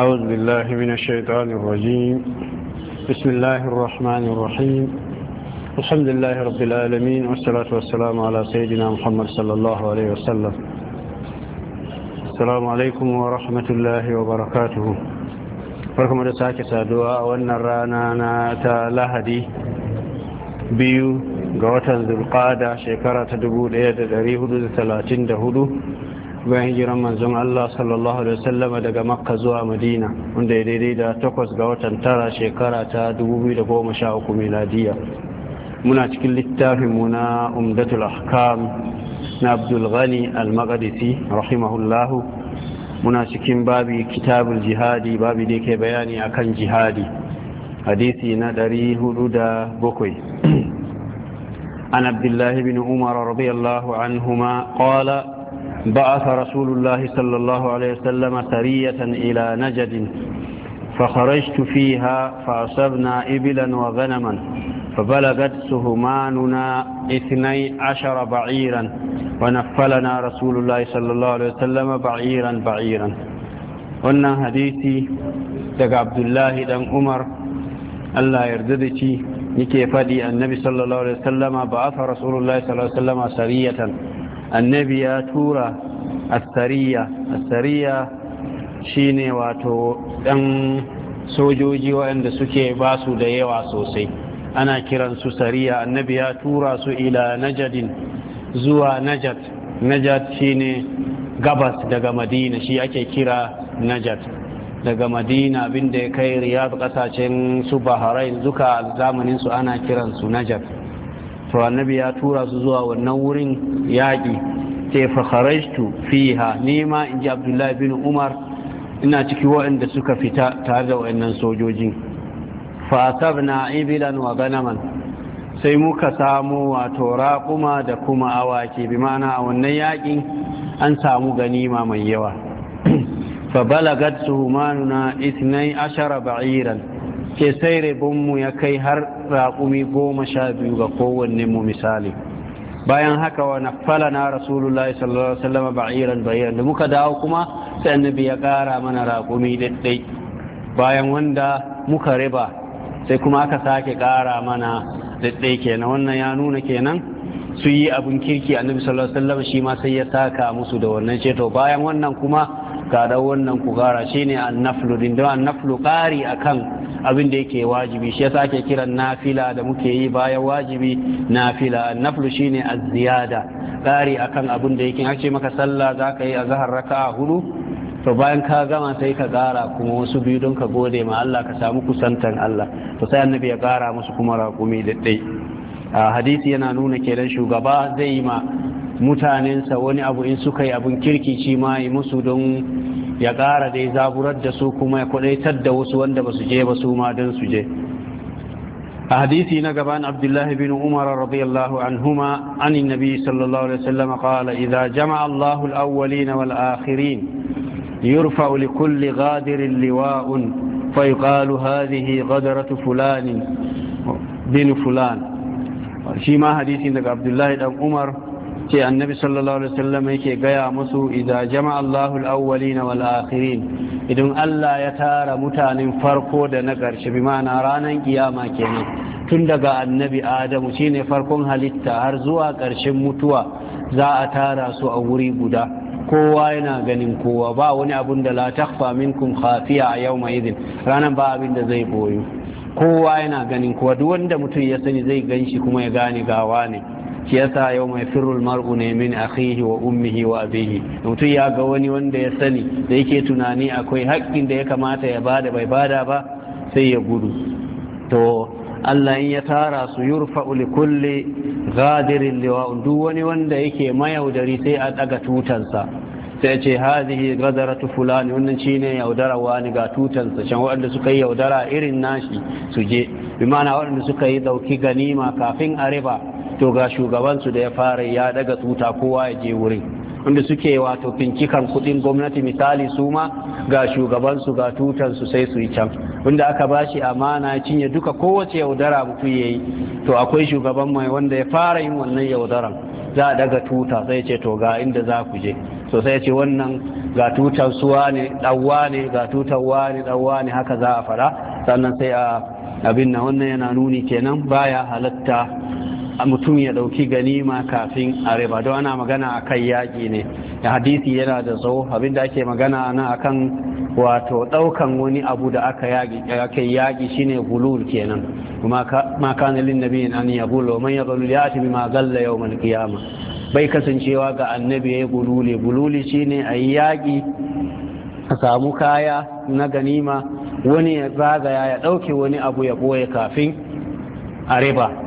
أعوذ بالله من الشيطان الرجيم بسم الله الرحمن الرحيم الحمد لله رب العالمين والصلاة والسلام على سيدنا محمد صلى الله عليه وسلم السلام عليكم ورحمة الله وبركاته farkon da sake saduwa a wannan rana na ta lahadi biyu ga watan zulqada shekara ta 1434 bayan hijiran manzon Allah sallallahu alaihi wasallam daga makka zuwa madina wanda ya daidai da takwas ga watan tara shekara ta 2013 miladiya muna cikin littafin mu na umdatul ahkam na abdul ghani al-maqdisi rahimahullahu muna cikin babi kitabul jihadi babi da ke bayani akan jihadi hadisi na 407 عن عبد الله بن عمر رضي الله عنهما قال بعث رسول الله صلى الله عليه وسلم سرية إلى نجد فخرجت فيها فأصبنا إبلا وغنما فبلغت سهماننا اثني عشر بعيرا ونفلنا رسول الله صلى الله عليه وسلم بعيرا بعيرا قلنا حديثي daga عبد الله umar allah yarda نكي ci النبي صلى الله عليه وسلم بعث رسول الله صلى الله عليه وسلم سرية سرية annabi ya tura sariya shi shine wato ɗan sojoji waɗanda suke basu da yawa sosai ana kiransu sariya annabi ya tura su ila najadin zuwa najad najad shine gabas daga madina shi ake kira najad daga madina abinda ya kai Riyadu kasashen su bahrain zuka zamaninsu ana kiransu najad to annabi ya tura su zuwa wannan wurin yaƙi ce fa kharajtu fiha nima in ji abdullahi bin umar ina ciki waɗanda suka fita tare da waɗannan sojoji fa asabna ibilan wa ganaman sai muka samu wato raƙuma da kuma awaki bi ma'ana a wannan yaƙin an samu ganima mai yawa fa balagat suhumanuna ithnai ashara ba'iran ke sai rabonmu ya kai har raƙumi goma sha biyu ga kowanne mu misali bayan haka wa nafala na rasulullahi sallallahu alaihi wasallam ba'iran bayan da muka dawo kuma sai annabi ya ƙara mana raƙumi daddai bayan wanda muka riba sai kuma aka sake ƙara mana daddai kenan wannan ya nuna kenan su yi abin kirki annabi sallallahu alaihi wasallam shi ma sai ya taka musu da wannan ceto bayan wannan kuma ga da wannan ku gara shine annaflu din da annaflu ƙari akan abin da yake wajibi shi yasa ake kiran nafila da muke yi bayan wajibi nafila naflu shine az-ziyada kari akan abin da yake ake maka sallah zaka yi azhar raka'a hudu to bayan ka gama sai ka gara kuma wasu biyu don ka gode ma Allah ka samu kusantan Allah to sai annabi ya gara musu kuma raƙumi da dai hadisi yana nuna kenan shugaba zai yi ma mutanensa wani abu in suka yi abun kirki shi ma yi musu don ya ƙara dai zaburar da su kuma ya kwadaitar da wasu wanda ba su je ba su ma don su je a hadisi na gaban abdullahi bin umar radiyallahu anhuma an nabi sallallahu alaihi wasallam qala idza jama'a allahu al-awwalin wal akhirin yurfa li kulli ghadirin liwa'un فيقال هذه غدرة فلان bin فلان shi ma hadisi daga الله dan umar. ce annabi sallallahu alaihi wasallam yake gaya musu idza jama'a Allahu al-awwalin wal akhirin idan Allah ya tara mutanen farko da na ƙarshe bi ma'ana ranan kiyama kenan tun daga annabi Adamu shine farkon halitta har zuwa ƙarshen mutuwa za a tara su a wuri guda kowa yana ganin kowa ba wani abun da la takfa minkum khafiya a yau idin ranan ba abin da zai boyo kowa yana ganin kowa duk wanda mutum ya sani zai ganshi kuma ya gane gawa ne shi yasa yau mai firul mar'u ne min akhihi wa ummihi wa abihi mutum ya ga wani wanda ya sani da yake tunani akwai haƙƙin da ya kamata ya bada bai bada ba sai ya gudu to Allah in ya tara su yurfa li kulli ghadirin liwa'un duk wani wanda yake mayaudari sai a daga tutansa sai ce hadhihi ghadaratu fulani wannan shine yaudara wani ga tutansa can waɗanda suka yi yaudara irin nashi su je bi ma'ana waɗanda suka yi dauki ganima kafin a riba to ga shugabansu da ya fara ya daga tuta kowa ya je wurin wanda suke wato fincikan kudin gwamnati misali su ma ga shugabansu ga tutansu sai su yi can wanda aka ba shi amana ya cinye duka kowace yaudara mutum ya yi to akwai shugaban mai wanda ya fara yin wannan yaudaran za a daga tuta sai ce to ga inda za ku je to sai ce wannan ga tutan suwa ne ɗauwa ne ga tutan wa ne ɗauwa ne haka za a fara sannan sai a abin na wannan yana nuni kenan baya halatta a mutum ya ɗauki ganima kafin a riba don ana magana a kan yaƙi ne hadisi yana da tsawo abinda ake magana na kan wato ɗaukan wani abu da aka yaƙi shine gulul kenan ma kana lin nabiyin an ya gulo man ya gulul ya ma galla yawmal kiyama bai kasancewa ga annabi yayi gululi gululi shine ayi yaƙi a samu kaya na ganima wani ya zagaya ya ɗauke wani abu ya ɓoye kafin a riba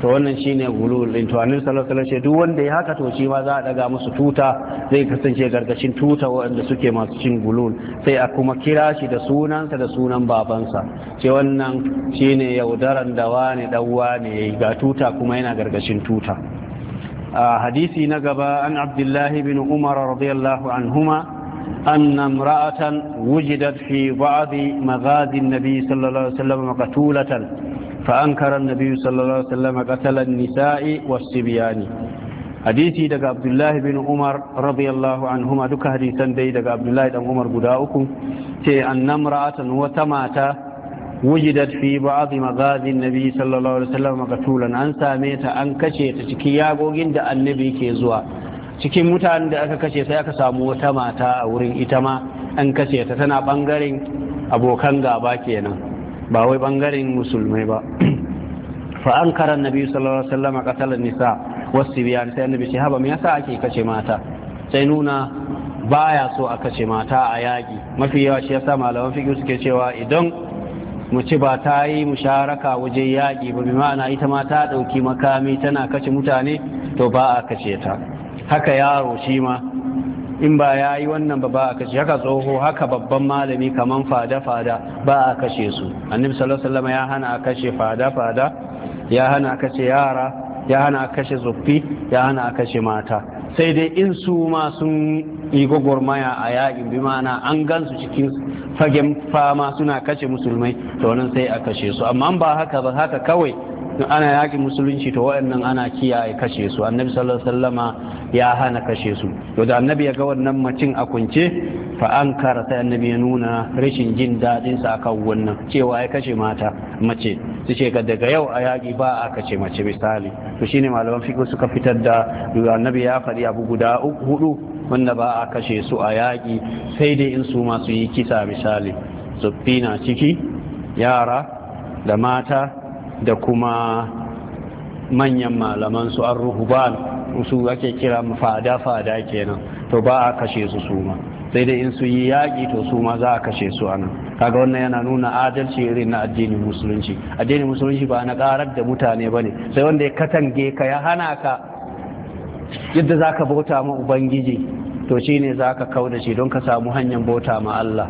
to wannan ne gulul in to annabi sallallahu shi duk wanda ya haka to shi ma za a daga musu tuta zai kasance gargashin tuta wanda suke masu cin gulul sai a kuma kira shi da sunansa da sunan babansa ce wannan shi shine yaudaran da wani ɗauwa ne ga tuta kuma yana gargashin tuta a hadisi na gaba an abdullahi bin umar radiyallahu anhuma أن امرأة وجدت في بعض مغازي النبي صلى الله عليه وسلم مقتولة فأنكر النبي صلى الله عليه وسلم قتل النساء والسبيان حديثي دقى عبد الله بن عمر رضي الله عنهما دك حديثا دي دقى عبد الله بن عمر قداؤكم تي أن امرأة وتماتا وجدت في بعض مغازي النبي صلى الله عليه وسلم مقتولا أن ساميتا أن كشيت تكياغو عند النبي كيزوا cikin mutanen da aka kashe sai aka samu wata mata a wurin ita ma an kashe ta tana bangaren abokan gaba kenan ba wai bangaren musulmai ba fa an karan nabi sallallahu alaihi wasallam qatalan nisa wasu biya sai annabi shi haba me yasa ake kace mata sai nuna baya so a kace mata a yaƙi mafi yawa shi yasa malaman fiqh suke cewa idan mu ci ba ta yi musharaka waje yaki ba bi ma'ana ita ma ta ɗauki makami tana kace mutane to ba a kace ta haka yaro shi ma in ba ya yi wannan ba ba a kashe haka tsoho haka babban malami kaman fada-fada ba a kashe su annabi sallallahu alaihi ya hana a kashe fada-fada ya hana a kashe yara ya hana a kashe tsoffi ya hana a kashe mata sai dai in su ma sun yi gwagwarmaya a yakin bi mana an gansu cikin fagen fama suna kashe musulmai to nan sai a kashe su amma ba haka ba haka kawai ana yaƙi musulunci to waɗannan ana kiyaye kashe su annabi sallallahu alaihi wasallama ya hana kashe su to da annabi ya ga wannan macin a kunce fa an kara sai annabi ya nuna rashin jin daɗin sa akan wannan cewa ya kashe mata mace su ce daga yau a yaƙi ba a kashe mace misali to shine malaman fiqh suka fitar da annabi ya faɗi abu guda hudu wanda ba a kashe su a yaƙi sai dai in su masu yi kisa misali tsoffi na ciki yara da mata da kuma manyan malaman su an ba su ake kira fada-fada kenan to ba a kashe su suma sai dai in su yi yaƙi to su ma za a kashe su a kaga wannan yana nuna adalci irin na addinin musulunci addinin musulunci ba na ƙarar da mutane ba ne sai wanda ya katange ka ya hana ka yadda za ka bauta ma ubangiji to shi ne za ka kauda shi don ka samu hanyar bauta ma Allah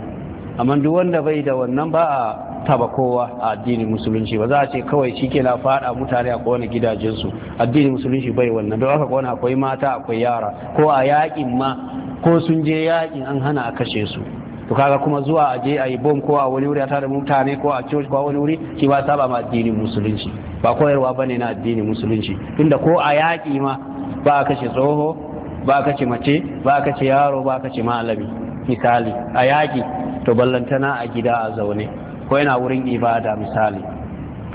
amma duk wanda bai da wannan ba a ba kowa a addinin musulunci ba za a ce kawai shi ke na fada mutane a kowane gidajensu addinin musulunci bai wannan don aka kowane akwai mata akwai yara ko a yakin ma ko sun je yakin an hana a kashe su to kaga kuma zuwa a je a yi bom ko a wani wuri a tare mutane ko a church ko a wani wuri shi ba saba ma addinin musulunci ba koyarwa bane na addinin musulunci tunda ko a yaki ma ba a kashe tsoho ba a kashe mace ba a kashe yaro ba a kashe malami misali a yaki to ballantana a gida a zaune ko yana wurin ibada misali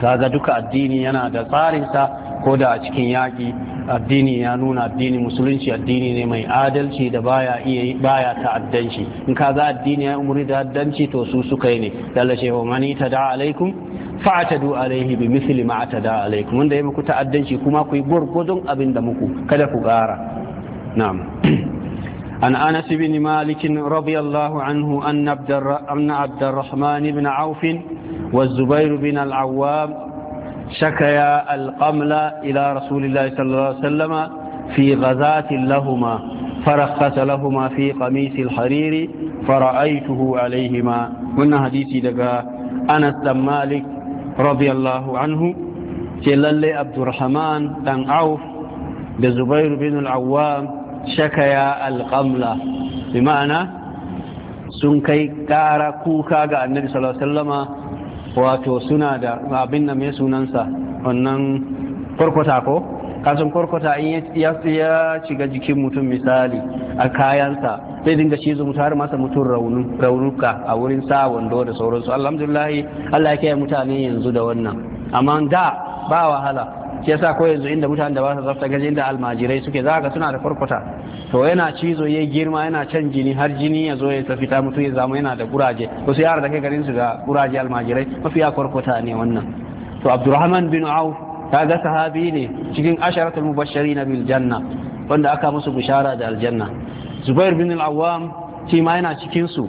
kaga duka addini yana da tsarinsa ko da a cikin yaki addini ya nuna addini musulunci addini ne mai adalci da baya iya baya ta'addanci in ka ga addini ya umuri da addanci to su suka yi ne dalla shehu mani ta da alaikum fa'atadu alaihi bi misli ma da alaikum wanda ya muku ta'addanci kuma ku yi gurgudun abin muku kada ku gara na'am عن أنس بن مالك رضي الله عنه أن عبد الرحمن بن عوف والزبير بن العوام شكيا القمل إلى رسول الله صلى الله عليه وسلم في غزاة لهما فرخص لهما في قميص الحرير فرأيته عليهما من حديثي دقاء أنس بن مالك رضي الله عنه جلال عبد الرحمن بن عوف بزبير بن العوام shakaya alƙamla bi ma'ana sun kai ƙara kuka ga annabi sallama wato suna da abin da mai sunansa wannan korkota ko kasan kwarkwata in ya shiga jikin mutum misali a kayansa zai dinga cizo mutum har masa mutum raunuka a wurin sa wando da sauransu alhamdulillah allah ya kiyaye mutane yanzu da wannan amma da ba wahala shi yasa ko yanzu inda mutanen da ba su tsafta gaje inda almajirai suke za ga suna da kwarkwata to yana cizo ya girma yana can jini har jini ya zo ya tafi ta mutu ya zama yana da kuraje wasu yara da kai garin su ga guraje almajirai mafiya kwarkwata ne wannan to abdurrahman bin ta ga sahabi ne cikin asharatul mubashirin bil janna wanda aka musu bishara da aljanna zubair bin al-awwam ma yana cikin su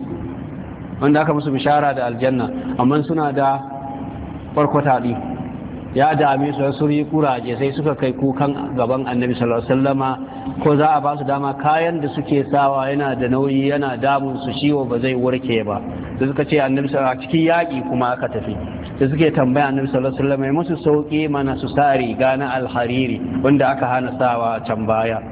wanda aka musu bishara da aljanna amma suna da kwarkwata din ya dame su su yi kuraje sai suka kai kukan gaban annabi sallallahu alaihi wasallama ko za a ba su dama kayan da suke sawa yana da nauyi yana damun su ciwo ba zai warke ba da suka ce annabi sallallahu cikin yaƙi kuma aka tafi da suke tambaya annabi sallallahu alaihi wasallama musu sauki mana su sa riga na alhariri wanda aka hana sawa can baya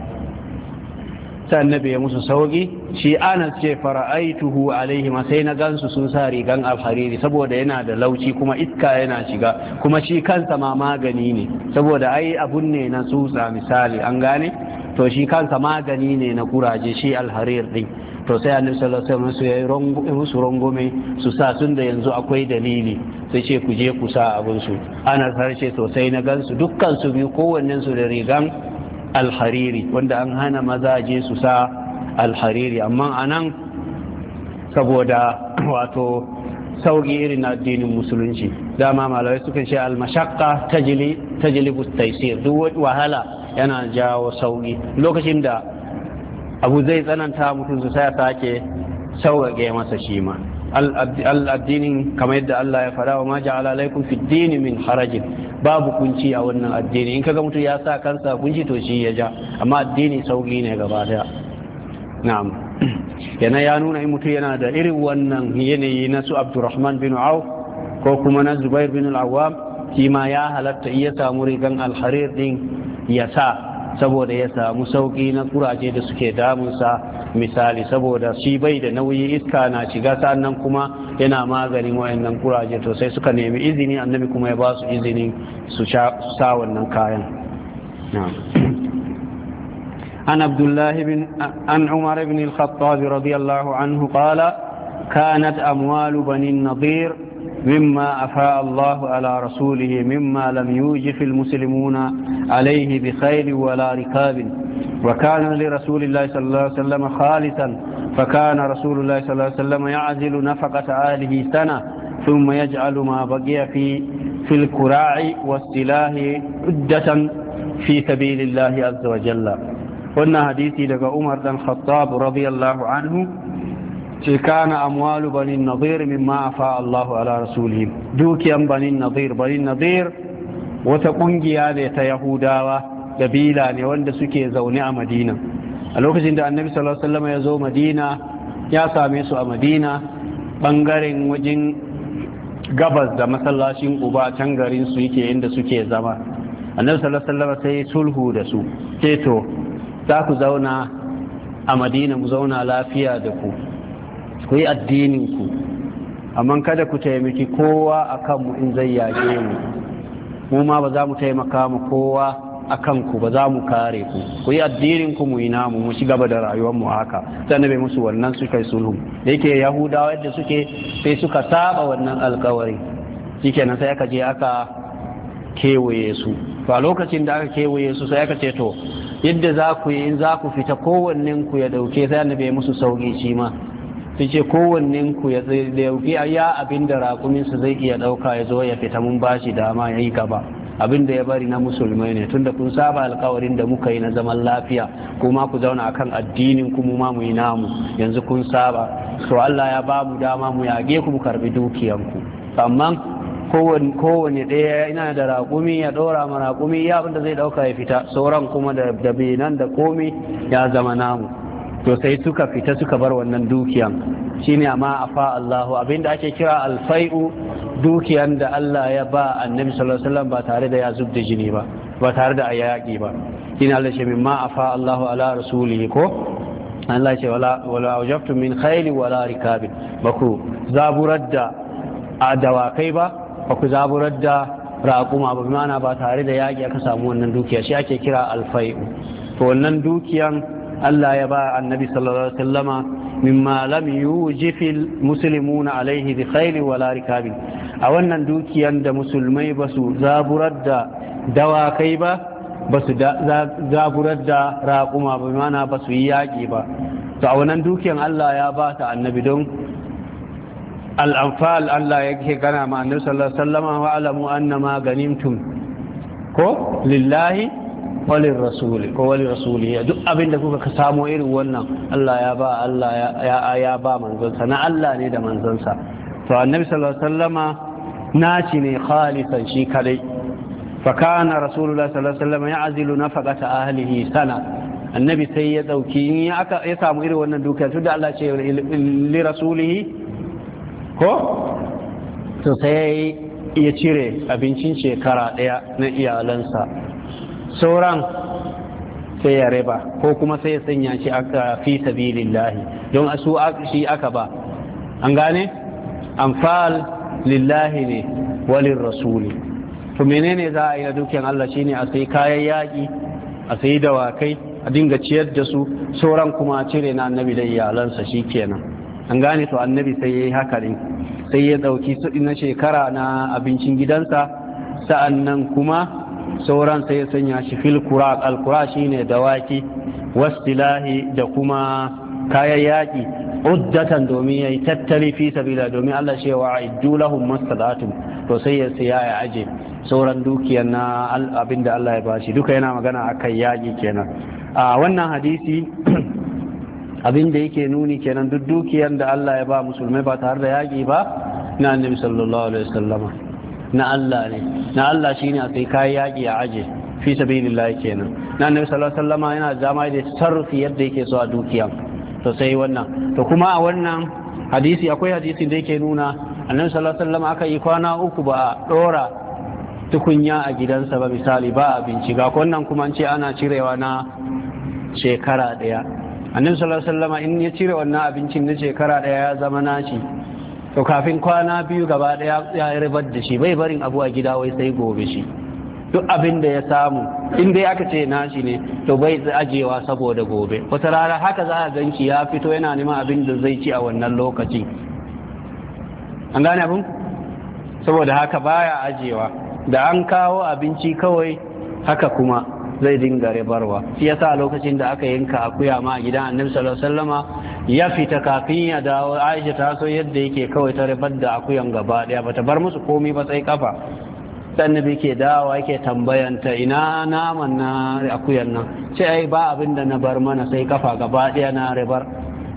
sai annabi ya musu sauki shi anas ce fara'aituhu alaihi ma sai na gansu sun sa rigan alhariri saboda yana da lauci kuma iska yana shiga kuma shi kansa ma magani ne saboda ai abun ne na tsutsa misali an gane to shi kansa magani ne na kuraje shi alharir din to sai annabi sallallahu alaihi wasallam ya musu su sa sun da yanzu akwai dalili sai ce ku je ku sa abun su anas har ce to sai na gansu dukkan su biyu kowannen su da rigan alhariri wanda an hana mazaje su sa alhariri amma a nan saboda wato sauƙi irin addinin musulunci dama malamai sukan ce almashakka tajlibu taisir duk wahala yana jawo sauƙi lokacin da abu zai tsananta mutum su sa sake sauƙaƙe masa shi ma al'addinin kamar yadda Allah ya fara wa ma ja'ala fi dini min harajin babu kunci a wannan addini in kaga mutum ya sa kansa kunci to shi ya ja amma addini sauki ne gaba daya na'am yana ya nuna in mutum yana da irin wannan yanayi na su Abdurrahman bin Auf ko kuma na Zubair bin Al-Awwam shi ma ya halatta iya samu rigan alharir din ya sa saboda ya samu sauki na kuraje da suke damunsa misali saboda shi bai da nauyi iska na shiga sannan kuma yana maganin wayannan kuraje to sai suka nemi izini annabi kuma ya ba su izini su sa wannan kayan an عبد الله بن عن عمر بن الخطاب رضي الله عنه قال كانت أموال مما أفاء الله على رسوله مما لم يوجف المسلمون عليه بخير ولا ركاب وكان لرسول الله صلى الله عليه وسلم خالصا فكان رسول الله صلى الله عليه وسلم يعزل نفقة آله سنة ثم يجعل ما بقي في في الكراع والسلاح عدة في سبيل الله عز وجل قلنا حديثي لك عمر بن الخطاب رضي الله عنه ce kana amwalu bani nadir min afa Allahu ala rasulihim dukiyan banin nadir banin nadir wata kungiya ne ta yahudawa kabila ne wanda suke zaune a madina a lokacin da annabi sallallahu alaihi wasallam ya zo madina ya same su a madina bangaren wajen gabas da masallacin uba can garin su yake inda suke zama annabi sallallahu alaihi wasallam sai sulhu da su ce to za ku zauna a madina mu zauna lafiya da ku ku yi addininku amma kada ku taimaki kowa a kanmu in zai yaƙe mu mu ma ba za mu taimaka mu kowa a kanku ba za mu kare ku ku yi addininku mu yi namu mu ci gaba da rayuwarmu haka sannan bai musu wannan suka yi sulhu da yake yahudawa yadda suke sai suka saba wannan alkawari shikenan sai aka je aka kewaye su ba lokacin da aka kewaye su sai aka ce to yadda za ku yi in za ku fita kowannen ku ya dauke sai annabi musu sauki shi ma sai ce kowannen ku ya dauki ya abin da raƙumin zai iya ɗauka ya zo ya fita mun bashi dama ya yi gaba abin da ya bari na musulmai ne tunda kun saba alkawarin da muka yi na zaman lafiya kuma ku zauna akan addinin ku mu ma mu yi namu yanzu kun saba to Allah ya ba mu dama mu yage ku mu karbi dukiyanku amma kowane ɗaya ina da raƙumi ya ɗora ma raƙumi ya abin da zai ɗauka ya fita sauran kuma da nan da komai ya zama namu to sai suka fita suka bar wannan dukiyan shine amma afa Allahu abinda ake kira alfai'u dukiyan da Allah ya ba annabi sallallahu alaihi ba tare da ya zub da jini ba ba tare da yaƙi ba shine Allah ce mimma afa Allahu ala rasulihi ko Allah ce wala wala awjabtu min khayli wala rikabin baku zaburar da dawakai ba baku zaburar da raƙuma ba mana ba tare da yaƙi aka samu wannan dukiya shi ake kira alfai'u to wannan dukiyan Allah ya ba annabi sallallahu alaihi wasallama mimma lam yujifil muslimuna alaihi bi khairi wala rikabi a wannan dukiyan da musulmai ba su zaburar da dawakai ba ba su zaburar da raƙuma ba mana ba su yi yaƙi ba to a wannan dukiyan Allah ya ba ta annabi don al'amfal Allah ya ke gana ma annabi sallallahu alaihi wasallama wa alamu annama ganimtum ko lillahi walin rasuli ko walin rasuli duk abin da kuka samo irin wannan Allah ya ba Allah ya ya ba manzonsa na Allah ne da manzonsa to annabi sallallahu alaihi wasallama naci ne khalisan shi kadai fa kana rasulullah sallallahu alaihi wasallama ya'zilu nafaqata ahlihi sana annabi sai ya dauki ya aka ya samu irin wannan dukiya tunda Allah ce li rasulihi ko to sai ya cire abincin shekara daya na iyalansa sauran sai ya riba ko kuma sai ya sanya shi aka fi sabilillahi don su shi aka ba an gane amfal lillahi ne walin rasuli to menene za a yi na dukiyan Allah shine a sai kayan yaƙi a sai dawakai a dinga ciyar da su sauran kuma cire na annabi da iyalansa shi kenan an gane to annabi sai ya yi haka sai ya ɗauki na shekara na abincin gidansa sa'an nan kuma sauran sai ya sanya shi fil kurak alkura shine dawaki wasilahi da kuma kayan yaƙi uddatan domin yayi yi tattali fi sabila domin Allah shi wa iddu lahum to sai ya siya ya aje sauran dukiyar na abinda Allah ya bashi duka yana magana akan yaki kenan a wannan hadisi abin da yake nuni kenan duk dukiyar da Allah ya ba musulmai ba tare da yaki ba na annabi sallallahu alaihi wasallama na Allah ne na Allah shine a kai kai yaƙi a aje fi sabilillah kenan na annabi sallallahu alaihi wasallam yana zama da sarrufi yadda yake so a dukiya to sai wannan to kuma a wannan hadisi akwai hadisi da yake nuna annabi sallallahu alaihi wasallam aka yi kwana uku ba a dora tukunya a gidansa ba misali ba abinci ga wannan kuma an ce ana cirewa na shekara daya annabi sallallahu alaihi wasallam in ya cire wannan abincin na shekara daya ya zama naci to kafin kwana biyu gaba daya ya rabar da shi bai barin abu a gida wai sai gobe shi duk abin da ya samu in dai aka ce na shi ne to bai ajewa saboda gobe wata rana haka za a ganci ya fito yana neman abin da zai ci a wannan lokaci an gane abin saboda haka baya ajewa da an kawo abinci kawai haka kuma zai dinga ribarwa shi yasa lokacin da aka yanka akuya ma a gidan annabi sallallahu alaihi wasallama ya fita kafin ya dawo Aisha ta so yadda yake kawai ta ribar da akuyan gaba daya bata bar musu komai ba sai kafa annabi ke dawa yake tambayanta ina naman na akuyan nan sai ai ba abin da na bar mana sai kafa gaba daya na ribar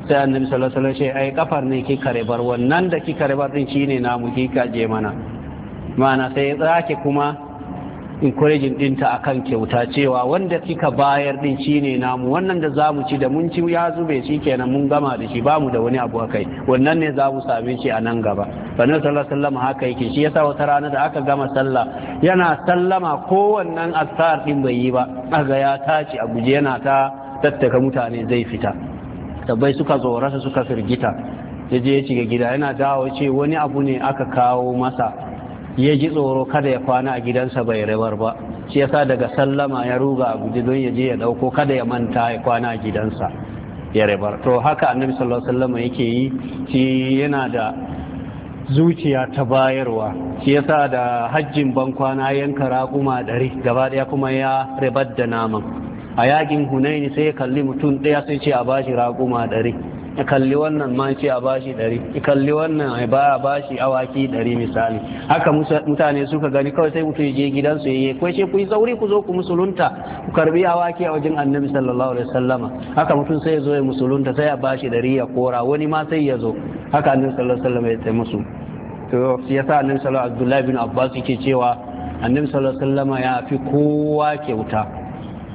sai annabi sallallahu alaihi wasallam ai kafar ne kika ribar wannan da kika ribar din shine namu kika je mana ma'ana sai zaki kuma encouraging dinta kan kyauta cewa wanda kika bayar din shine namu wannan da za mu ci da mun ci ya zube shi kenan mun gama da shi ba mu da wani abu akai wannan ne za mu same shi a nan gaba sannan sallallahu alaihi haka yake shi yasa wata rana da aka gama sallah yana sallama ko wannan asar din bai yi ba aga ya tace a guje yana ta tattaka mutane zai fita tabbai suka tsorata suka firgita ya je ya shiga gida yana dawo ce wani abu ne aka kawo masa ya ji tsoro kada ya kwana a gidansa bai rabar ba shi yasa daga sallama ya ruga a guji don ya je ya dauko kada ya manta ya kwana a gidansa ya rabar to haka annabi sallallahu alaihi wasallam yake yi shi yana da zuciya ta bayarwa shi yasa da hajjin ban kwana yanka raƙuma ɗari gaba ɗaya kuma ya rabar da naman a yakin hunaini sai ya kalli mutum ɗaya sai ce a bashi raquma ɗari ya kalli wannan ma ce a bashi ɗari ya kalli wannan ya ba a bashi awaki ɗari misali haka mutane suka gani kawai sai mutum je gidansu ya yi ko ce ku yi sauri ku zo ku musulunta ku karbi awaki a wajen annabi sallallahu alaihi wasallama haka mutum sai ya zo ya musulunta sai a bashi ɗari ya kora wani ma sai ya zo haka annabi sallallahu alaihi wasallama ya tsaye musu to ya sa annabi sallallahu abdullahi bin abbas yake cewa annabi sallallahu alaihi wasallama ya fi kowa kyauta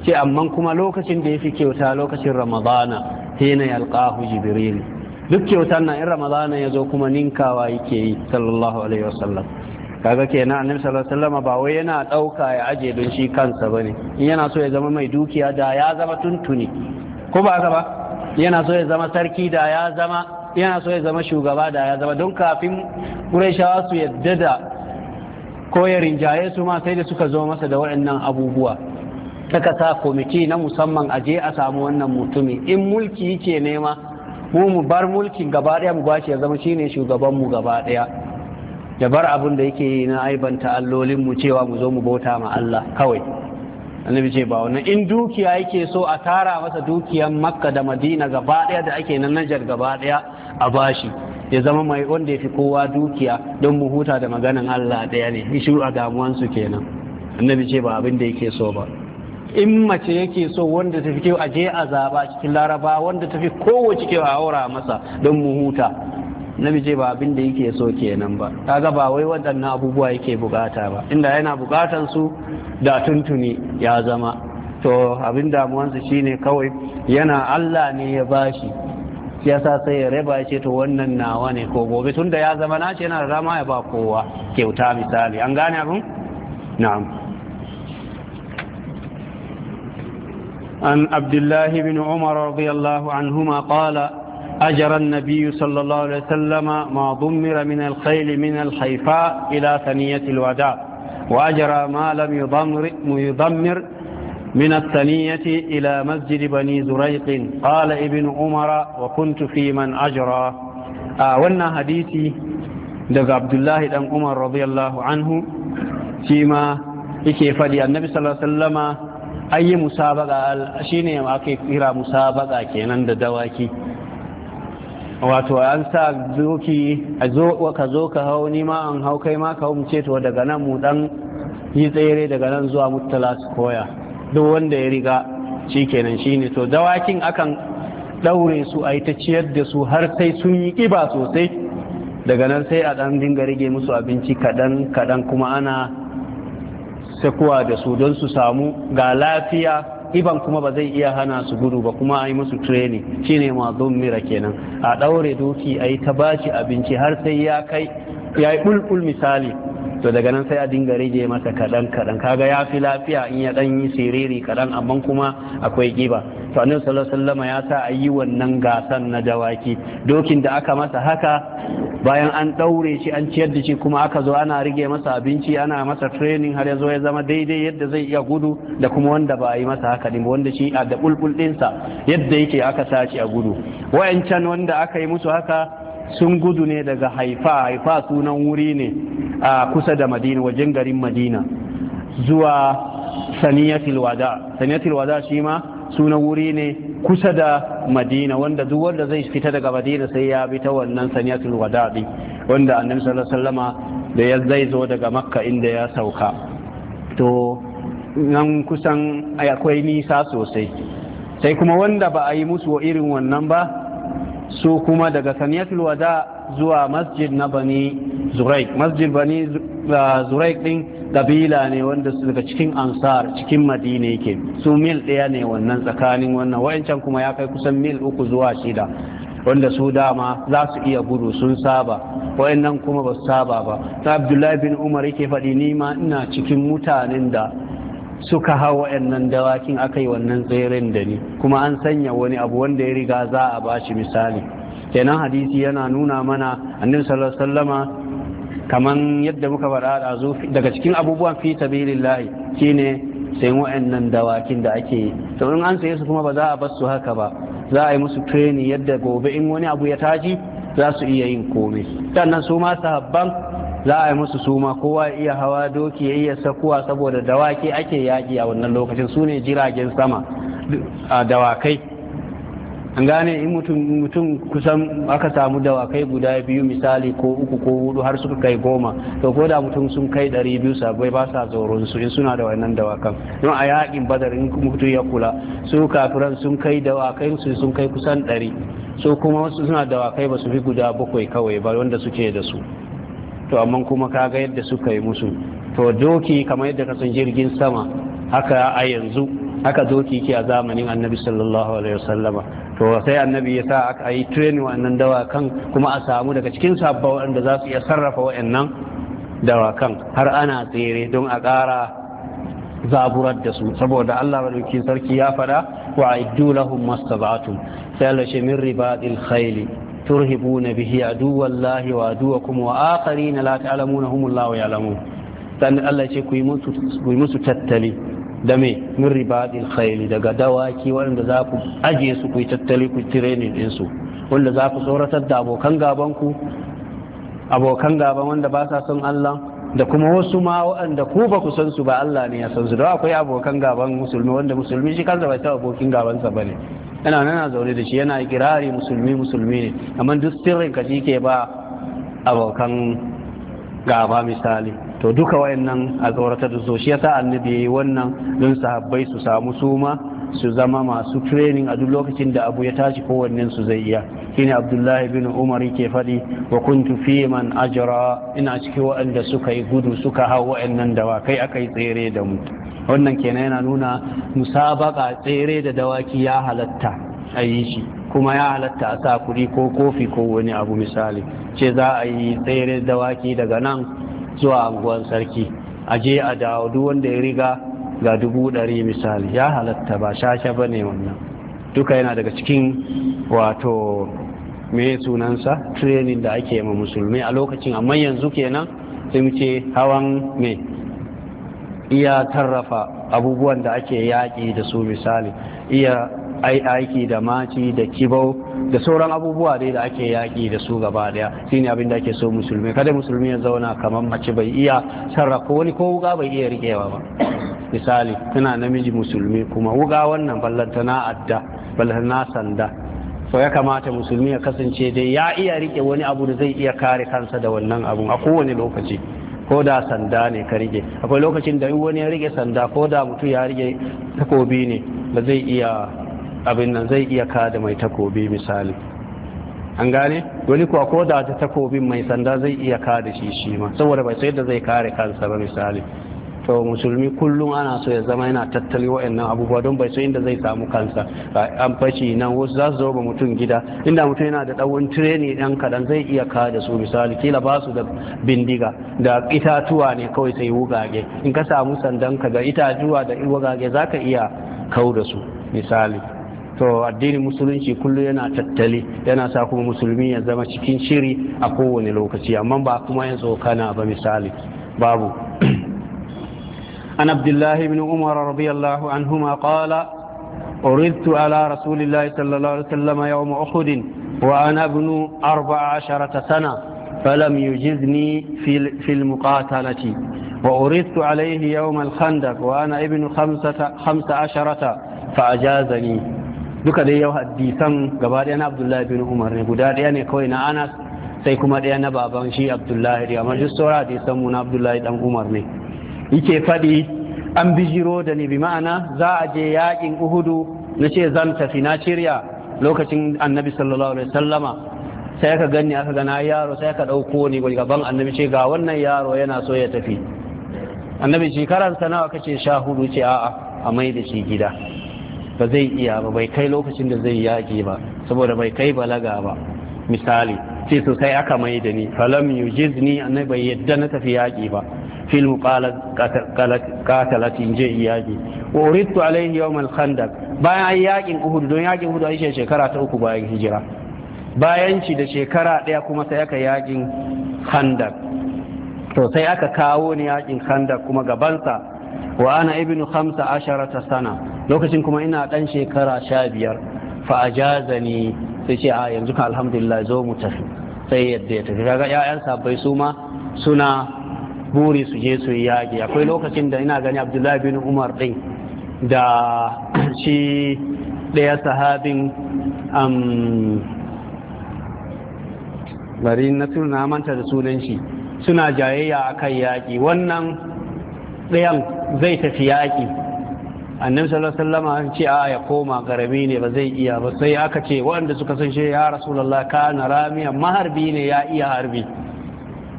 ce amma kuma lokacin da ya fi kyauta lokacin ramadana hina yalqahu jibril duk kyautar nan in ramadana ya zo kuma ninkawa yake yi sallallahu alaihi wasallam kaga na annabi sallallahu alaihi wasallam ba wai yana dauka ya aje don shi kansa bane in yana so ya zama mai dukiya da ya zama tuntuni ko ba haka ba yana so ya zama sarki da ya zama yana so ya zama shugaba da ya zama don kafin quraishawa su yadda da ko ya rinjaye su ma sai da suka zo masa da waɗannan abubuwa suka sa kwamiti na musamman aje je a samu wannan mutumin in mulki yake nema mu mu bar mulkin gaba daya mu bashi ya zama shine shugaban mu gaba daya ya bar abin da yake yi na aibanta allolin mu cewa mu zo mu bauta ma Allah kawai annabi ce ba wannan in dukiya yake so a tara masa dukiyan makka da madina gaba daya da ake nan najar gaba ɗaya a bashi ya zama mai wanda ya fi kowa dukiya don mu huta da maganan Allah daya ne shi a damuwansu kenan annabi ce ba abin da yake so ba in mace yake so wanda tafi kyau a je a zaba cikin laraba wanda tafi kowace kyau a aura masa don mu huta namiji ba abin da yake so kenan ba kaga ba wai waɗannan abubuwa yake bukata ba inda yana bukatan su da tuntuni ya zama to abin damuwansa shine kawai yana Allah ne ya bashi yasa sai ya raba ya ce to wannan nawa ne ko gobe tunda ya zama na ce yana rama ya ba kowa kyauta misali an gane abin na'am عن عبد الله بن عمر رضي الله عنهما قال أجر النبي صلى الله عليه وسلم ما ضمر من الخيل من الحيفاء إلى ثنية الوداع وأجر ما لم يضمر, يضمر من الثنية إلى مسجد بني زريق قال ابن عمر وكنت في من أجرى آه وانا حديثي دق عبد الله بن عمر رضي الله عنه فيما يكي فدي النبي صلى الله عليه وسلم an yi musabaka shi ne ake kira musabaka kenan da dawaki wato an sa zoki a zo ka zo ka hau ni ma an hau kai ma ka hau mu ce to daga nan mu dan yi tsere daga nan zuwa mutala su koya duk wanda ya riga shi kenan shi to dawakin akan ɗaure su a yi ta ciyar da su har sai sun yi ƙiba sosai daga nan sai a ɗan dinga rage musu abinci kaɗan kaɗan kuma ana kuwa da su don su samu ga lafiya iban kuma ba zai iya hana su gudu ba kuma a yi musu treni shine mazon mira kenan a ɗaure doki a yi ta bashi abinci har sai ya kai ya yi ɓulɓul misali to daga nan sai a dinga rage masa kaɗan kaɗan kaga ya fi lafiya in ya ɗan yi siriri kaɗan amma kuma akwai ƙiba. to annabi sallallahu ya sa a yi wannan gasan na dawaki dokin da aka masa haka bayan an ɗaure shi an ciyar da shi kuma aka zo ana rige masa abinci ana masa training har ya zo ya zama daidai yadda zai iya gudu da kuma wanda ba a yi masa haka din wanda shi a da bulbul ɗinsa yadda yake aka sace a gudu wa'ancan wanda aka yi musu haka sun gudu ne daga haifa haifa sunan wuri ne a kusa da madina wajen garin madina zuwa saniyatul wada saniyatul wada shi ma sunan wuri ne kusa da madina wanda duk wanda zai fita daga madina sai ya bi ta wannan saniyatul wada din wanda annabi sallallahu alaihi wasallama da zai zo daga makka inda ya sauka to nan kusan akwai nisa sosai sai kuma wanda ba a yi musu irin wannan ba su kuma daga saniyatul wada zuwa masjid na bani zuraik masjid bani uh, zuraik din kabila ne wanda su daga cikin ansar cikin madina yake su mil ɗaya ne wannan tsakanin wannan wa'ancan kuma ya kai kusan mil uku zuwa shida wanda su dama za su iya gudu sun saba wa'annan kuma ba su saba ba ta abdullahi bin umar yake faɗi ma ina cikin mutanen da suka hau wa'annan dawakin aka yi wannan tseren da ni kuma an sanya wani abu wanda ya riga za a bashi misali kenan hadisi yana nuna mana annin sallallahu alaihi kaman yadda muka faɗa a zo daga cikin abubuwan fi sabilillahi shine sayan wa'annan dawakin da ake yi to in an saye su kuma ba za a bar su haka ba za a yi musu training yadda gobe in wani abu ya taji za su iya yin komai sannan su ma sahabban za a yi musu suma kowa iya hawa doki ya iya sakuwa saboda dawaki ake yaƙi a wannan lokacin su ne jiragen sama a dawakai an gane in mutum kusan aka samu dawakai guda biyu misali ko uku ko hudu har suka kai goma to ko da mutum sun kai ɗari biyu sabai ba sa tsoron su in suna da wannan dawakan don a yaƙin badar in mutum ya kula su kafiran sun kai dawakai su sun kai kusan ɗari Su kuma wasu suna dawakai ba su fi guda bakwai kawai ba wanda suke da su to amma kuma ka ga yadda suka yi musu to doki kamar yadda kasan jirgin sama haka a yanzu haka doki ke a zamanin annabi sallallahu alaihi wasallama to sai annabi ya sa aka yi training wannan dawakan kuma a samu daga cikin sabba wanda za su iya sarrafa wa'annan dawakan har ana tsere don a ƙara zaburar da su saboda Allah madauki sarki ya faɗa wa aiddu lahum mastaba'atum sai Allah shi min ribadil khayli turhibuna bihi aduwallahi wa aduwakum wa akharina la ta'lamuna na Allah ya'lamun dan Allah ce ku yi musu ku yi musu tattali da me min ribadil khayl daga dawaki wanda za ku aje su ku yi tattali ku training din wanda za ku tsoratar da abokan gaban ku abokan gaban wanda ba sa son Allah da kuma wasu ma waɗanda ku ba ku san su ba Allah ne ya san su da akwai abokan gaban musulmi wanda musulmi shi kansa bai taɓa abokin gabansa ba ne yana nan zaune da shi yana kirari musulmi musulmi ne amma duk sirrin ka ke ba abokan gaba misali to duka wayannan a tsoratar da so shi yasa annabi yayi wannan don sahabbai su samu suma su zama masu training a duk lokacin da abu ya tashi kowannen su zai iya shine abdullahi bin umar ke faɗi wa kuntu fi man ajra ina cikin waɗanda suka yi gudu suka hau waɗannan dawakai aka yi tsere da mu wannan kenan yana nuna musabaka tsere da dawaki ya halatta a yi shi kuma ya halatta a sa kuɗi ko kofi ko wani abu misali ce za a yi tsere dawaki daga nan zuwa anguwan sarki a je a dawo duk wanda ya riga ga dubu ɗari misali ya halatta ba shasha ba ne wannan duka yana daga cikin wato me sunansa training da ake ma musulmi a lokacin amma yanzu kenan sun ce hawan me iya tarrafa abubuwan da ake yaƙi da su misali iya Ai aiki da maci da kibau da sauran abubuwa dai da ake yaƙi da su gaba daya shine abin da ake so musulmi kada musulmi ya zauna kamar mace bai iya sarrafa wani ko wuga bai iya riƙewa ba misali tana namiji musulmi kuma wuga wannan ballantana adda ballantana sanda so ya kamata musulmi ya kasance dai ya iya rike wani abu da zai iya kare kansa da wannan abun a kowane lokaci ko da sanda ne ka rike akwai lokacin da wani ya rike sanda ko da mutum ya rike takobi ne ba zai iya abin nan zai iya kada mai takobi misali an gane wani kuwa ko da ta takobin mai sanda zai iya ka da shi shi ma saboda bai sai da zai kare kansa ba misali to musulmi kullum ana so ya zama yana tattali wa'annan abubuwa don bai so inda zai samu kansa an fashi nan wasu za su zo ba mutum gida inda mutum yana da ɗaurin tireni ɗan kaɗan zai iya ka da su misali kila ba su da bindiga da itatuwa ne kawai sai wugage in ka samu sandan ka ga itatuwa da wugage za ka iya kau da su misali to addinin musulunci kullum yana tattali yana sa kuma musulmi ya zama cikin shiri a kowane lokaci amma ba kuma ya tsokana ba misali babu an abdullahi bin umar radiyallahu anhuma qala أردت على رسول الله صلى الله عليه وسلم يوم أحد وأنا ابن أربع عشرة سنة فلم يجزني في في المقاتلة وأردت عليه يوم الخندق وأنا ابن خمسة, خمسة عشرة فأجازني duka dai yau hadisan gaba ɗaya na abdullahi bin umar ne guda ɗaya ne kawai na anas sai kuma ɗaya na baban shi abdullahi da amma duk saura hadisan mu na abdullahi dan umar ne yake faɗi an bijiro da ni bi ma'ana za a je yaƙin uhudu na ce zan tafi na shirya lokacin annabi sallallahu alaihi sallama sai ka gani aka gana yaro sai ka ɗauko ni gaban annabi ce ga wannan yaro yana so ya tafi annabi shekaransa nawa kace sha hudu ce a'a a mai da shi gida ba zai iya ba bai kai lokacin da zai yaƙi ba saboda bai kai balaga ba misali sai sosai aka mai da ni falam yujizni annai bai yadda na tafi yaƙi ba fil qatalat in je yaƙi wa uridtu alaihi yawm al khandaq bayan ai yaƙin uhud don yaƙin uhud ai shekara ta uku bayan hijira bayan ci da shekara ɗaya kuma sai aka yaƙin khandaq to sai aka kawo ni yaƙin khandaq kuma gabansa wa ana ibnu khamsa asharata sana lokacin kuma ina dan shekara sha biyar fa ne. sai ce a yanzu ka alhamdulillah zo mu tafi sai yadda ya tafi kaga ƴaƴan sabbai su ma suna buri su je su yaƙi akwai lokacin da ina gani abdullahi bin umar din da shi ɗaya sahabin bari na manta da sunan shi suna jayayya akan yaƙi wannan ɗayan zai tafi yaƙi annabi sallallahu alaihi wasallam an ce a ya koma garami ne ba zai iya ba sai aka ce waɗanda suka san shi ya rasulullah kana ramiya maharbi ne ya iya harbi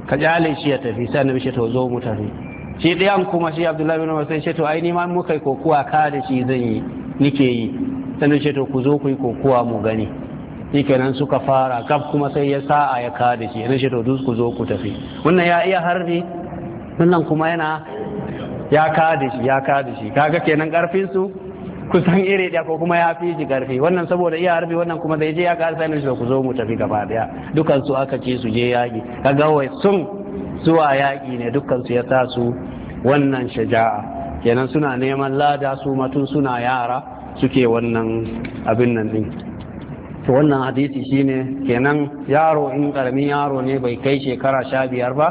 ka jale shi ya tafi sai annabi shi to zo mu tafi shi ɗayan kuma shi abdullahi bin umar sai shi to ai ni ma muka yi kokuwa ka da shi zan yi nike yi sannan shi to ku zo ku yi kokuwa mu gani shikenan suka fara kaf kuma sai ya sa'a ya ka da shi yana shi to duk ku zo ku tafi wannan ya iya harbi wannan kuma yana ya kada shi ya kada shi kaga kenan karfin su kusan iri ɗaya ko kuma ya fi shi karfi wannan saboda iya harbi wannan kuma zai je ya kada sai da ku zo mu tafi gaba daya dukan su aka ce su je yaki kaga wai sun zuwa yaki ne dukan su ya sa su wannan shaja'a kenan suna neman lada su matun suna yara suke wannan abin nan din wannan hadisi shine kenan yaro in karamin yaro ne bai kai shekara sha biyar ba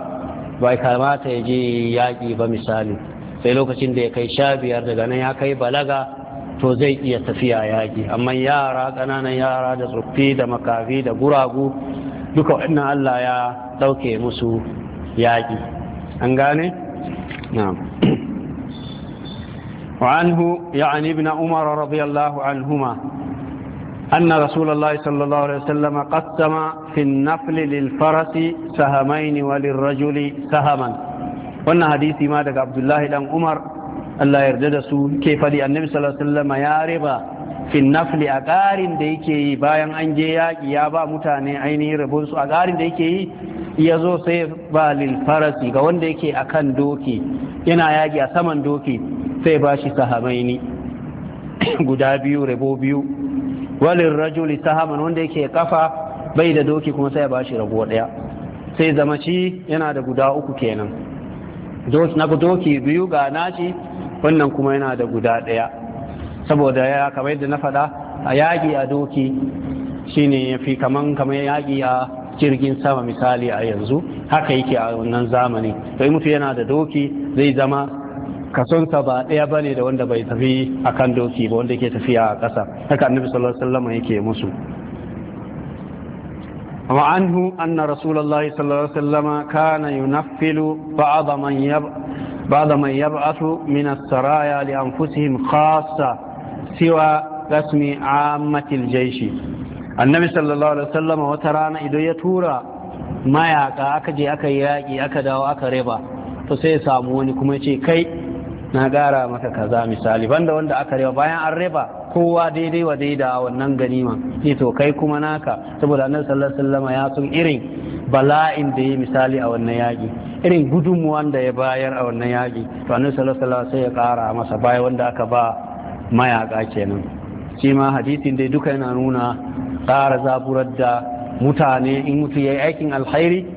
bai kamata ya je yaƙi ba misali sai lokacin da ya kai sha biyar daga nan ya kai balaga to zai iya tafiya yaƙi amma yara ƙananan yara da tsoffi da makafi da guragu duka waɗannan Allah ya ɗauke musu yaƙi an gane? na'am وعنه يعني ابن عمر رضي الله عنهما أن رسول الله صلى الله عليه وسلم قسم في النفل للفرس سهمين وللرجل سهما wannan hadisi ma daga abdullahi dan umar Allah yarda da su ke faɗi annabi sallallahu alaihi wasallam ya raba fin nafli a ƙarin da yake yi bayan an je yaƙi ya ba mutane ainihin rabon su a ƙarin da yake yi ya zo sai ba lil ga wanda yake kan doki yana yaƙi a saman doki sai ba shi sahamaini guda biyu rabo biyu walin rajuli sahaman wanda yake kafa bai da doki kuma sai ba shi rabo ɗaya sai zama ci yana da guda uku kenan na doki biyu ga naci wannan kuma yana da guda ɗaya saboda ya kamar yadda na faɗa a yaƙi a doki shine ya fi kaman kamar yaƙi a jirgin sama misali a yanzu haka yake a wannan zamani to mutu yana da doki zai zama kasonsa ba ɗaya ba ne da wanda bai tafi akan doki ba wanda ke tafiya a ƙasa haka annabi sallallahu alaihi wasallam yake musu وعنه أن رسول الله صلى الله عليه وسلم كان ينفل بعض من يب بعض من يبعث من السرايا لأنفسهم خاصة سوى رسم عامة الجيش النبي صلى الله عليه وسلم وترانا إذا يتورى ما يعقى أكجي أكا ياقي أكا داو أكا ربا فسي ساموني كما يشي كي نغارا مكا كذا مثالي بند وند أكا ربا بايا الربا kowa daidai wa daida wannan ganima ne to kai kuma naka saboda annabi sallallahu alaihi wasallam ya sun irin bala'in da yi misali a wannan yaƙi irin gudunmuwan da ya bayar a wannan yaƙi to annabi sallallahu alaihi wasallam sai ya ƙara masa baya wanda aka ba mayaƙa kenan shi ma hadisin da duka yana nuna ƙara zaburar da mutane in mutu yayi aikin alkhairi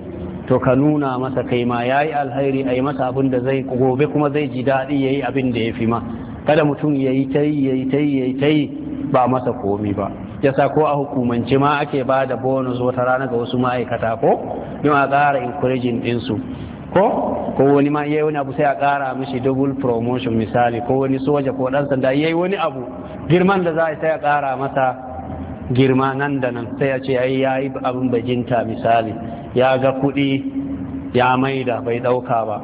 to ka nuna masa kai ma ya yi alhairi masa abin zai gobe kuma zai ji daɗi ya yi abin da ya fi ma kada mutum ya yi ta yi ya yi ta yi ya yi ta yi ba masa komi ba yasa ko a hukumance ma ake ba da bonus wata rana ga wasu ma'aikata ko yau a ƙara encouraging ɗinsu ko ko wani ma yayi wani abu sai a ƙara mishi double promotion misali ko wani soja ko ɗan sanda yayi wani abu girman da za a sai a ƙara masa girma nan da nan sai a ce ai ya yi abin bajinta misali ya ga kuɗi ya maida bai ɗauka ba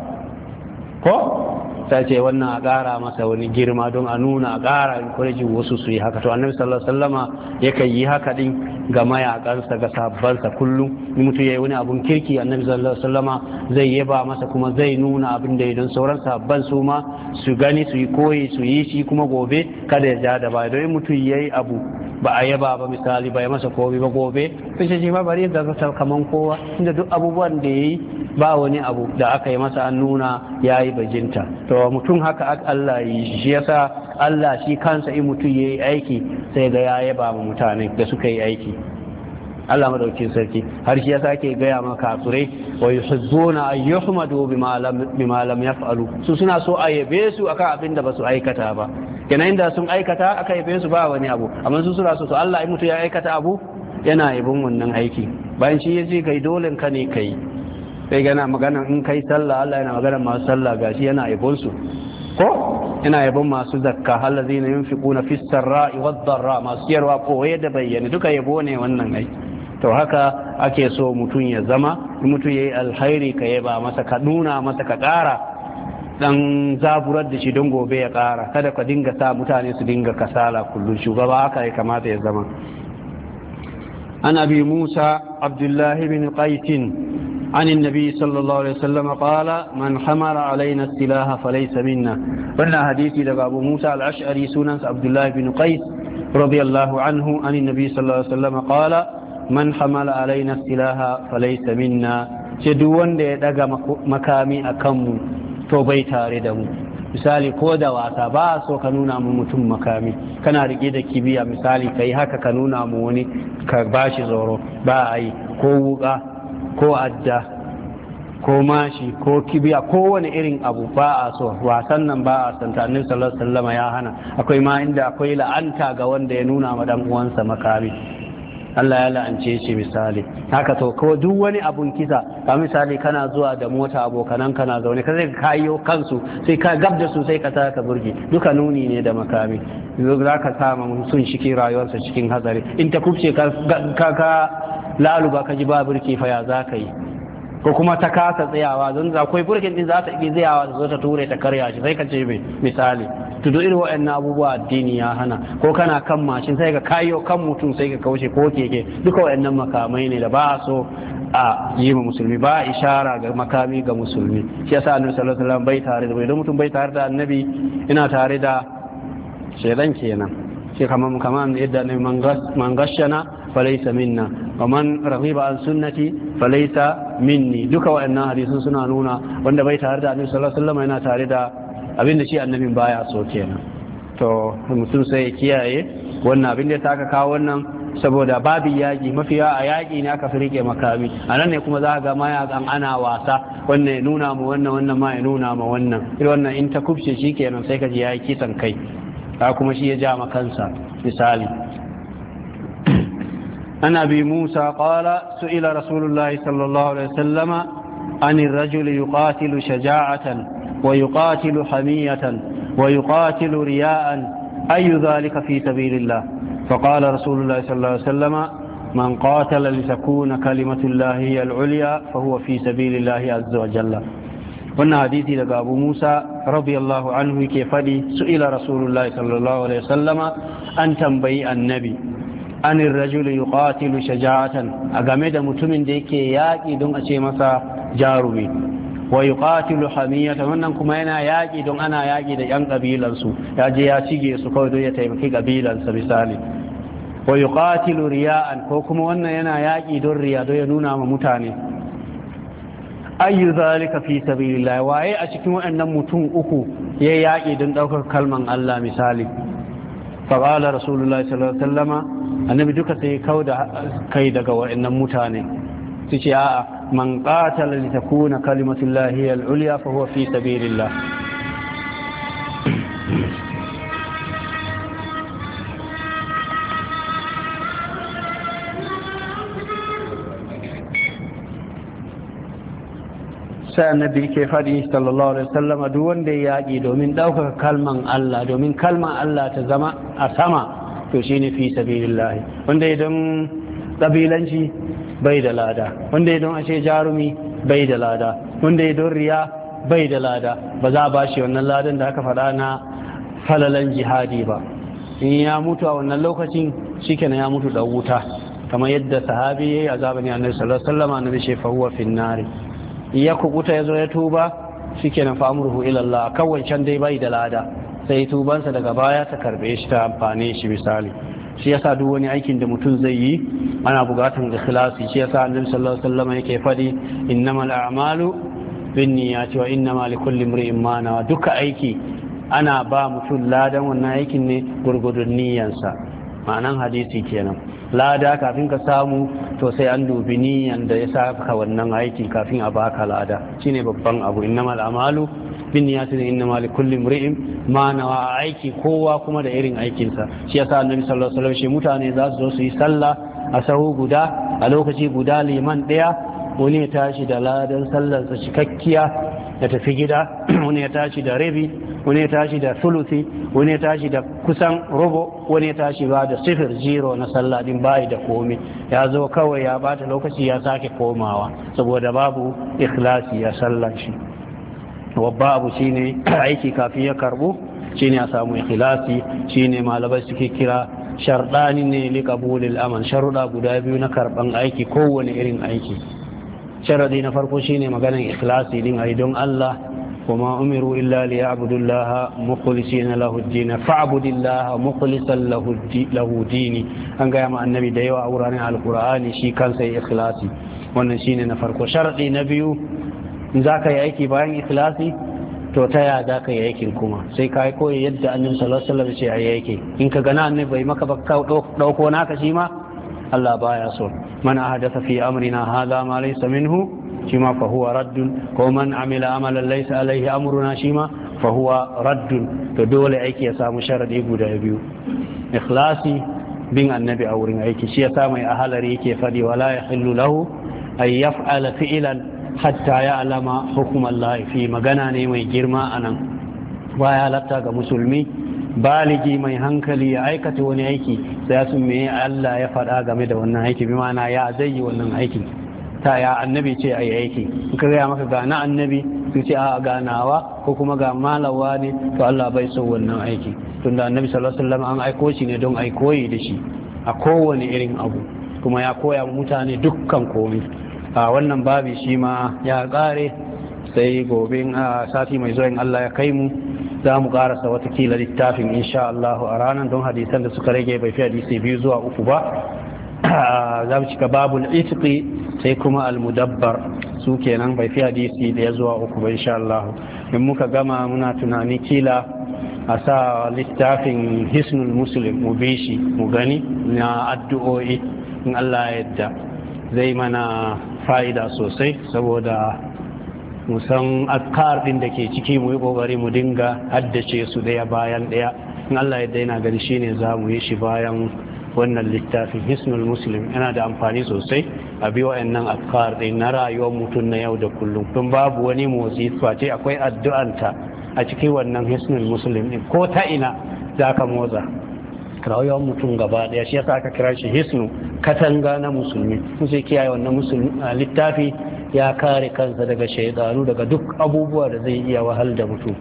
ko ta ce wannan a ƙara masa wani girma don a nuna a ƙara kwarji wasu su yi haka to annabi sallallahu alaihi wasallama yakan yi haka din ga mayakansa ga sabbansa kullum in mutum yi wani abun kirki annabi sallallahu alaihi wasallama zai yaba masa kuma zai nuna abin da don sauran sabban su ma su gani su yi koyi su yi shi kuma gobe kada ya ja da baya don in mutum yi abu ba a yaba ba misali ba ya masa komai ba gobe in ce ma bari da zata kaman kowa inda duk abubuwan da yayi ba wani abu da aka yi masa an nuna yi bajinta to wa mutum haka Allah shi yasa Allah shi kansa in mutum yi aiki sai ga ya yaba ma mutane da suka yi aiki Allah madaukin sarki har shi yasa ke gaya ma kafirai wa yuhibbuna an yuhmadu bima lam bima lam yaf'alu su suna so a yabe su akan abin da basu aikata ba kenan inda sun aikata aka yabe su ba wani abu amma su suna so to Allah in mutum ya aikata abu yana yabon wannan aiki bayan shi ya yace kai dole ka ne kai sai gana magana in kai sallah Allah yana magana masu sallah gashi yana yabon su ko yana yabon masu zakka halazina yunfiquna fi sarra'i wad darra masu yarwa koye da bayyana duka yabo ne wannan ai to haka ake so mutum ya zama mutum ya yi alhairi ka ba masa ka nuna masa ka ƙara dan zaburar da shi don gobe ya ƙara kada ka dinga sa mutane su dinga kasala kullum shugaba haka ya kamata ya zama an abi musa abdullahi bin qaitin عن النبي صلى الله عليه وسلم قال من حمل علينا السلاح فليس منا وانا حديثي لك ابو موسى العشعري سنن عبد الله بن قيس رضي الله عنه عن النبي صلى الله عليه وسلم قال من حمل علينا السلاح فليس منا شدوان دي دقى مكامي أكم توبيتا ردمو misali ko da wasa ba so ka nuna mu mutum makami kana rike da kibiya misali kai haka ka nuna mu wani ka bashi zoro ba a yi ko wuka ko adda ko mashi ko kibiya ko wani irin abu ba a so wasan nan ba a santa annabi sallallahu alaihi wasallam ya hana akwai ma inda akwai la'anta ga wanda ya nuna ma dan uwansa makami Allah ya la'ance shi misali haka to ko duk wani abun kisa ka misali kana zuwa da mota abokanan kana zaune ka zai kayo kansu sai ka gab da su sai ka sa ka burge duka nuni ne da makami za ka sa sun shiki rayuwarsa cikin hazari in ta kubce ka ka laluba ka ji ba burki fa ya za ka yi ko kuma ta kasa tsayawa don za akwai burkin din za ta iya tsayawa da zo ta ture ta karya shi sai ka ce mai misali to duk irin wa'annan abubuwa addini ya hana ko kana kan mashin sai ka kayo kan mutum sai ka kauce ko keke duka wa'annan makamai ne da ba a so a yi ma musulmi ba a ishara ga makami ga musulmi shi yasa annabi sallallahu alaihi wasallam bai tare da bai mutum bai tare da annabi ina tare da shedan kenan shi kamar kamar yadda ne mangashana falaisa minna wa man raghiba an sunnati falaisa minni duka waɗannan hadisun suna nuna wanda bai tare da annabi sallallahu alaihi wasallam yana tare da abin da shi annabin baya so kenan to mutum sai ya kiyaye wannan abin da ya saka kawo wannan saboda babu yaƙi mafiya a yaƙi ne aka fi rike makami a nan ne kuma za ga mayakan ana wasa wannan ya nuna ma wannan wannan ma ya nuna ma wannan irin wannan in ta kubce shi kenan sai ka ji ya yi kisan kai ta kuma shi ya ja ma kansa misali عن أبي موسى قال سئل رسول الله صلى الله عليه وسلم عن الرجل يقاتل شجاعة ويقاتل حمية ويقاتل رياء أي ذلك في سبيل الله فقال رسول الله صلى الله عليه وسلم من قاتل لتكون كلمة الله هي العليا فهو في سبيل الله عز وجل حديثي wannan موسى رضي الله عنه كيف anhu سئل رسول الله صلى الله عليه وسلم أن tambayi النبي anin rajulu yuqatilu shaja'atan a game da mutumin da yake yaƙi don a ce masa jarumi wa yuqatilu hamiyatan wannan kuma yana yaƙi don ana yaƙi da yan kabilansu ya je ya cige su kawai don ya taimaki kabilansa misali wa yuqatilu riya'an ko kuma wannan yana yaƙi don riya don ya nuna ma mutane ayu zalika fi sabilillah waye a cikin waɗannan mutum uku ya yaƙi don ɗaukar kalman Allah misali فقال رسول الله صلى الله عليه annabi duka sai kau da kai daga wa'annan mutane su ce a'a man qatala li takuna kalimatullahi al-ulya fa huwa fi sabilillah sai annabi ke faɗi sallallahu alaihi wasallam duk wanda ya yaƙi domin ɗaukaka kalman Allah domin kalman Allah ta zama a sama to shi ne fi sabilillah wanda idan kabilanci bai da lada wanda idan ashe jarumi bai da lada wanda idan riya bai da lada ba za a shi wannan ladan da aka faɗa na falalan jihadi ba in ya mutu a wannan lokacin shikenan ya mutu da wuta kamar yadda sahabi yayi a ya annabi sallar alaihi na annabi shi ya huwa fin ya kubuta zo ya tuba shikenan fa fa'amurhu ilallah kawai can dai bai da lada sai tubansa daga baya ta karbe shi ta amfane shi misali shi yasa duk wani aikin da mutum zai yi ana da ikhlasi shi yasa annabi sallallahu alaihi wasallam yake fadi innamal a'malu binniyati wa innama likulli imrin ma nawa duka aiki ana ba mutum ladan wannan aikin ne gurgudun niyyansa ma'anan hadisi kenan lada kafin ka samu to sai an dubi niyyan da ya saka wannan aiki kafin a baka lada shine babban abu innamal a'malu bin niyatin inna ma likulli mri'in ma nawa aiki kowa kuma da irin aikinsa shi yasa annabi sallallahu alaihi wasallam mutane za su zo su yi sallah a sahu guda a lokaci guda liman daya wani ya tashi da ladan sallar sa cikakkiya da tafi gida wani ya tashi da rabi wani ya tashi da sulusi wani ya tashi da kusan robo wani ya tashi ba da sifir jiro na sallah din bai da komai ya zo kawai ya bata lokaci ya sake komawa saboda babu ikhlasi ya sallan shi wabba abu shine aiki kafin ya karbu shine a samu ikhlasi shine malabai suke kira sharɗani ne li qabulil amal sharuɗa guda biyu na karban aiki kowane irin aiki sharadi na farko shine maganan ikhlasi din ai don Allah وما أمروا إلا ليعبدوا الله مخلصين له din فاعبد الله مخلصا له له an ga ma annabi da yawa a wuraren alqur'ani shi kansa ikhlasi wannan shine na farko sharadi na biyu za ka yi aiki bayan ikhlasi to ta ya za ka yi aikin kuma sai ka yi koyi yadda annabi sallallahu ce a yi aiki in ka gana annabi bai maka ba ɗauko naka shi ma Allah baya so man ahdatha fi amrina hadha ma laisa minhu shi ma fa huwa raddun ko man amila amalan laisa alaihi amruna shi ma fa huwa raddun to dole aiki ya samu sharadi guda biyu ikhlasi bin annabi a wurin aiki shi yasa mai ahalari yake fadi wala yahillu lahu ay yaf'ala fi'lan hatta ya alama hukumar laifi magana ne mai girma a nan baya latta ga musulmi baligi mai hankali ya aikata wani aiki sai ya sun meye Allah ya faɗa game da wannan aiki bi ma'ana ya zai yi wannan aiki ta ya annabi ce a yi aiki in ka gaya maka gana annabi su ce a ganawa ko kuma ga malawa ne to Allah bai so wannan aiki tunda annabi sallallahu alaihi wasallam an aiko shi ne don aikoyi koyi da shi a kowane irin abu kuma ya koya mutane dukkan komai a wannan babi shi ma ya ƙare sai gobe a sati mai zuwa in Allah ya kai mu za mu karasa watakila littafin insha Allah a ranar don hadisan da suka rage bai fi hadisi biyu zuwa uku ba za mu cika babul itiki sai kuma almudabbar su kenan bai fi hadisi da ya zuwa uku ba insha Allah in muka gama muna tunani kila a sa littafin hisnul muslim mu bi shi mu gani na addu'o'i in Allah ya yadda zai mana fa'ida sosai saboda musan askar ɗin da ke ciki mu yi kokari mu dinga haddace su daya bayan daya in Allah ya daina gani shine za mu yi shi bayan wannan littafin hisnul muslim yana da amfani sosai a bi wa'annan askar ɗin na rayuwar mutum na yau da kullum tun babu wani motsi face akwai addu'anta a cikin wannan hisnul muslim din ko ta ina za ka motsa rayuwar mutum gaba daya shi yasa aka kira shi hisnu katanga na musulmi kun sai kiyaye wannan musulmi littafi ya kare kansa daga shaidanu daga duk abubuwa da zai iya wahal da mutum